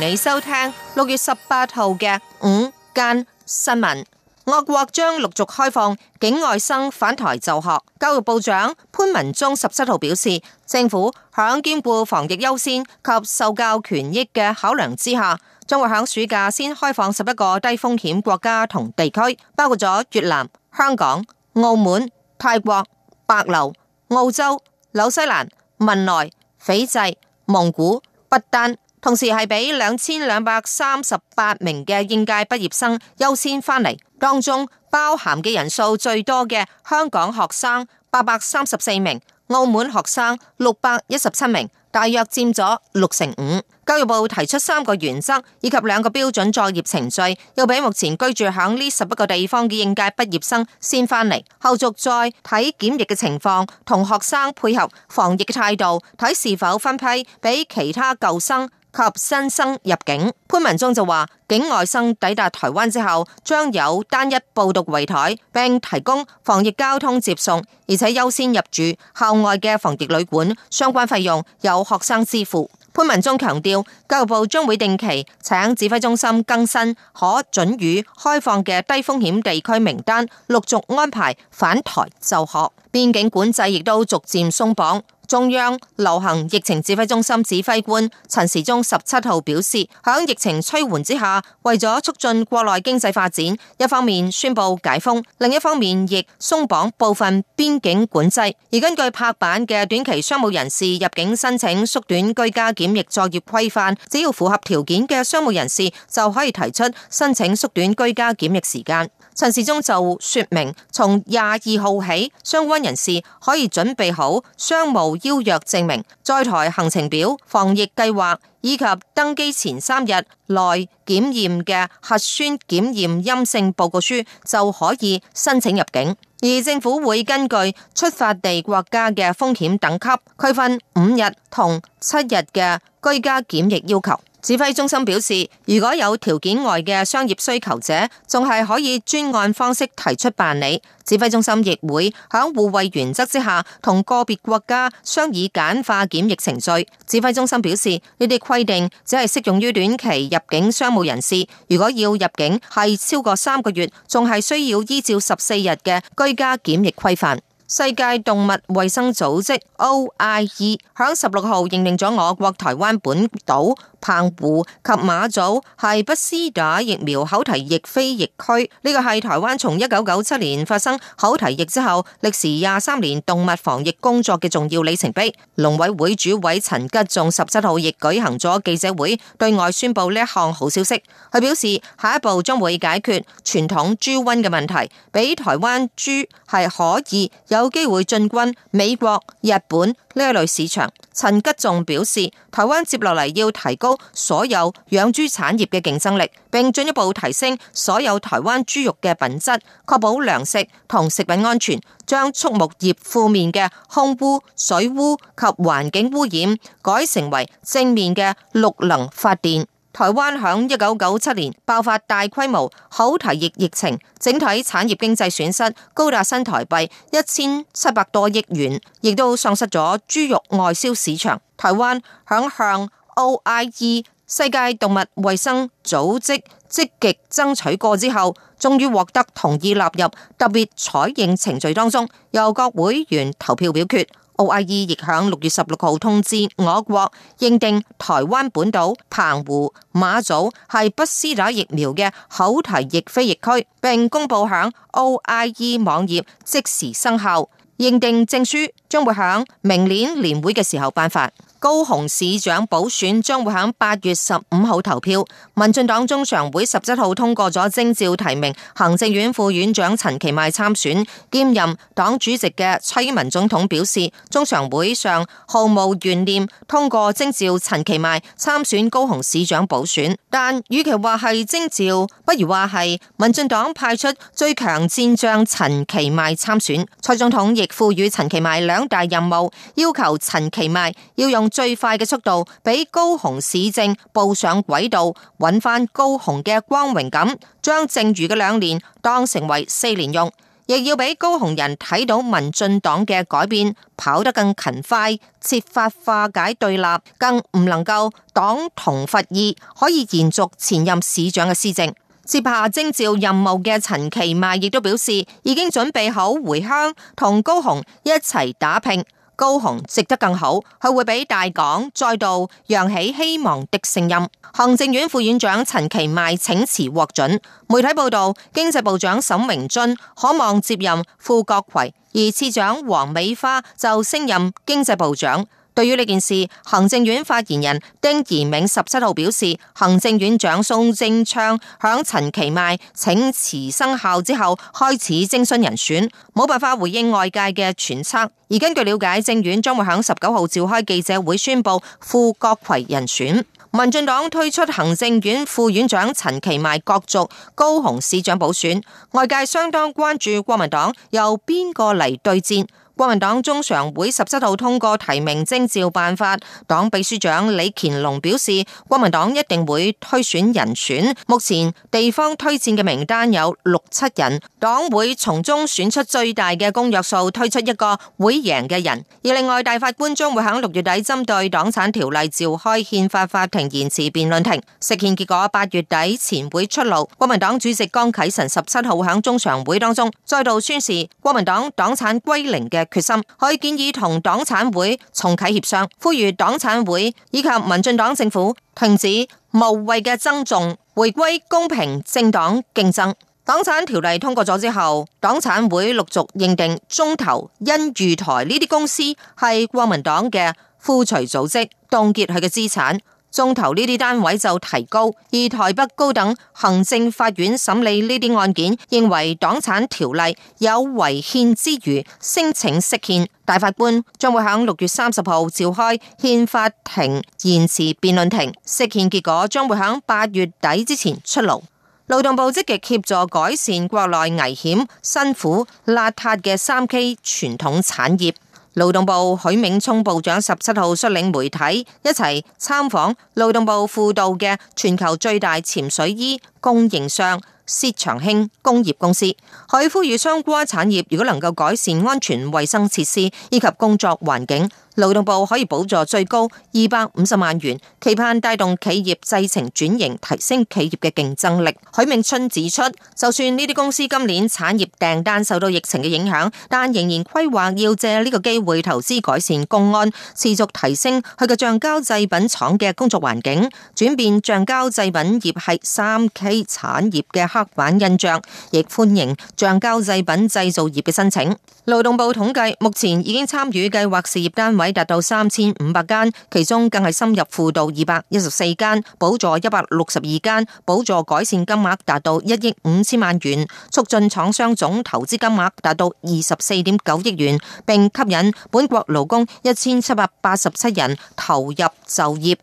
你收聽六月十八號嘅午間新聞，我國將陸續開放境外生返台就學。教育部長潘文忠十七號表示，政府響兼顧防疫優先及受教權益嘅考量之下，將會響暑假先開放十一個低風險國家同地區，包括咗越南、香港、澳門、泰國、帛琉、澳洲、紐西蘭、文萊、斐濟、蒙古、不丹。同時係俾兩千兩百三十八名嘅應屆畢業生優先返嚟，當中包含嘅人數最多嘅香港學生八百三十四名，澳門學生六百一十七名，大約佔咗六成五。教育部提出三個原則以及兩個標準作業程序，要俾目前居住響呢十一個地方嘅應屆畢業生先返嚟，後續再睇檢疫嘅情況，同學生配合防疫嘅態度，睇是否分批俾其他舊生，及新生入境，潘文忠就話：境外生抵達台灣之後，將有單一報讀櫃台，並提供防疫交通接送，而且優先入住校外嘅防疫旅館，相關費用由學生支付。潘文忠強調，教育部將會定期請指揮中心更新可准予開放嘅低風險地區名單，陸續安排返台就學。邊境管制亦都逐漸鬆綁。中央流行疫情指揮中心指揮官陳時中十七號表示，喺疫情趨緩之下，為咗促進國內經濟發展，一方面宣布解封，另一方面亦鬆綁部分邊境管制。而根據拍板嘅短期商務人士入境申請，縮短居家檢疫作業規範，只要符合條件嘅商務人士就可以提出申請縮短居家檢疫時間。陳時中就說明，從廿二號起，相關人士可以準備好商務邀約證明、在台行程表、防疫計劃以及登機前三日內檢驗嘅核酸檢驗陰性報告書就可以申請入境，而政府會根據出發地國家嘅風險等級，區分五日同七日嘅居家檢疫要求。指揮中心表示，如果有條件外嘅商業需求者，仲係可以專案方式提出辦理。指揮中心亦會響互惠原則之下，同個別國家商議簡化檢疫程序。指揮中心表示，呢啲規定只係適用於短期入境商務人士，如果要入境係超過三個月，仲係需要依照十四日嘅居家檢疫規範。世界動物衛生組織 OIE 響十六號認定咗我國台灣本島澎湖及馬祖係不施打疫苗口蹄疫非疫區。呢個係台灣從一九九七年發生口蹄疫之後，歷時廿三年動物防疫工作嘅重要里程碑。農委會主委陳吉仲十七號亦舉行咗記者會，對外宣布呢一項好消息。佢表示下一步將會解決傳統豬瘟嘅問題，俾台灣豬係可以有機會進軍美國、日本呢一類市場。陳吉仲表示，台灣接落嚟要提高所有養豬產業嘅競爭力，並進一步提升所有台灣豬肉嘅品質，確保糧食同食品安全，將畜牧業負面嘅空污、水污及環境污染，改成為正面嘅綠能發電。台灣響一九九七年爆發大規模口蹄疫疫情，整體產業經濟損失高達新台幣一千七百多億元，亦都喪失咗豬肉外銷市場。台灣響向 OIE 世界動物衛生組織積極爭取過之後，終於獲得同意納入特別採認程序當中，由各會員投票表決。OIE 亦響六月十六號通知，我國認定台灣本島、澎湖、馬祖係不施打疫苗嘅口蹄疫非疫區，並公布響 OIE 網頁即時生效，認定證書將會響明年年會嘅時候頒發。高雄市長補選將會喺八月十五號投票。民進黨中常會十七號通過咗徵召提名行政院副院長陳其邁參選，兼任黨主席嘅蔡英文總統表示，中常會上毫無懸念通過徵召陳其邁參選高雄市長補選，但與其話係徵召，不如話係民進黨派出最強戰將陳其邁參選。蔡總統亦賦予陳其邁兩大任務，要求陳其邁要用。最快嘅速度，俾高雄市政步上軌道，揾翻高雄嘅光榮感。將剩餘嘅兩年當成為四年用，亦要俾高雄人睇到民進黨嘅改變，跑得更勤快，設法化解對立，更唔能夠黨同伐異，可以延續前任市長嘅施政。接下徵召任務嘅陳其邁亦都表示，已經準備好回鄉同高雄一齊打拼。高雄值得更好，佢會俾大港再度揚起希望的聲音。行政院副院長陳其邁請辭獲准，媒體報道經濟部長沈榮津可望接任副閣揆，而次長黃美花就升任經濟部長。對於呢件事，行政院發言人丁怡銘十七號表示，行政院長蘇貞昌響陳其邁請辭生效之後開始徵詢人選，冇辦法回應外界嘅揣測。而根據了解，政院將會喺十九號召開記者會宣布副閣揆人選。民進黨推出行政院副院長陳其邁角逐高雄市長補選，外界相當關注國民黨由邊個嚟對戰？國民黨中常會十七號通過提名徵召辦法，黨秘書長李乾龍表示，國民黨一定會推選人選。目前地方推薦嘅名單有六七人，黨會從中選出最大嘅公約數，推出一個會贏嘅人。而另外大法官將會喺六月底針對黨產條例召開憲法法庭延遲辯論庭，釋憲結果八月底前會出爐。國民黨主席江啟臣十七號喺中常會當中再度宣示，國民黨黨產歸零嘅決心可以建議同黨產會重啟協商，呼籲黨產會以及民進黨政府停止無謂嘅爭訟，回歸公平政黨競爭。黨產條例通過咗之後，黨產會陸續認定中投、欣裕台呢啲公司係國民黨嘅附隨組織，凍結佢嘅資產。中投呢啲單位就提高，而台北高等行政法院審理呢啲案件，認為黨產條例有違憲之餘，申請釋憲。大法官將會喺六月三十號召開憲法庭，延遲辯論庭，釋憲結果將會喺八月底之前出爐。勞動部積極協助改善國內危險、辛苦、邋遢嘅三 K 傳統產業。勞動部許銘聰部長十七號率領媒體一齊參訪勞動部輔導嘅全球最大潛水衣供應商薛長興工業公司，佢呼籲相關產業如果能夠改善安全衛生設施以及工作環境。勞動部可以補助最高二百五十萬元，期盼帶動企業製程轉型，提升企業嘅競爭力。許明春指出，就算呢啲公司今年產業訂單受到疫情嘅影響，但仍然規劃要借呢個機會投資改善工安，持續提升佢嘅橡膠製品廠嘅工作環境，轉變橡膠製品業係三 K 產業嘅刻板印象，亦歡迎橡膠製品製造業嘅申請。勞動部統計，目前已經參與計劃事業單位。達到三千五百間，其中更係深入輔導二百一十四間，補助一百六十二間，補助改善金額達到一億五千萬元，促進廠商總投資金額達到二十四點九億元，並吸引本國勞工一千七百八十七人投入就業。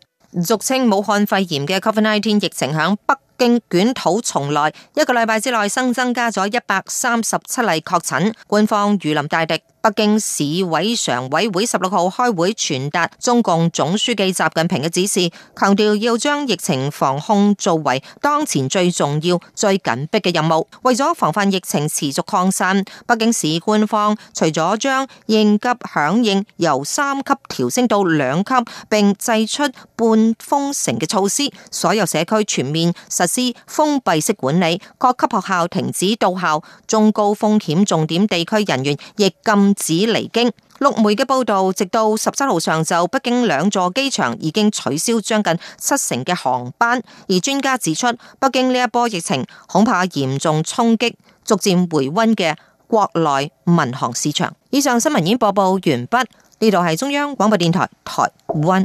俗稱武漢肺炎嘅 COVID-19 疫情響北京捲土重來，一個禮拜之內新增加咗一百三十七例確診，官方如臨大敵。北京市委常委會十六號開會傳達中共總書記習近平嘅指示，強調要將疫情防控作為當前最重要、最緊迫嘅任務。為咗防範疫情持續擴散，北京市官方除咗將應急響應由三級調升到兩級，並制出半封城嘅措施，所有社區全面實施封閉式管理，各級學校停止到校，中高風險重點地區人員亦禁止離京，陸媒嘅報道，直到十七號上晝，北京兩座機場已經取消將近七成嘅航班。而專家指出，北京呢一波疫情恐怕嚴重衝擊逐漸回温嘅國內民航市場。以上新聞已經播報完畢，呢度係中央廣播電台台灣。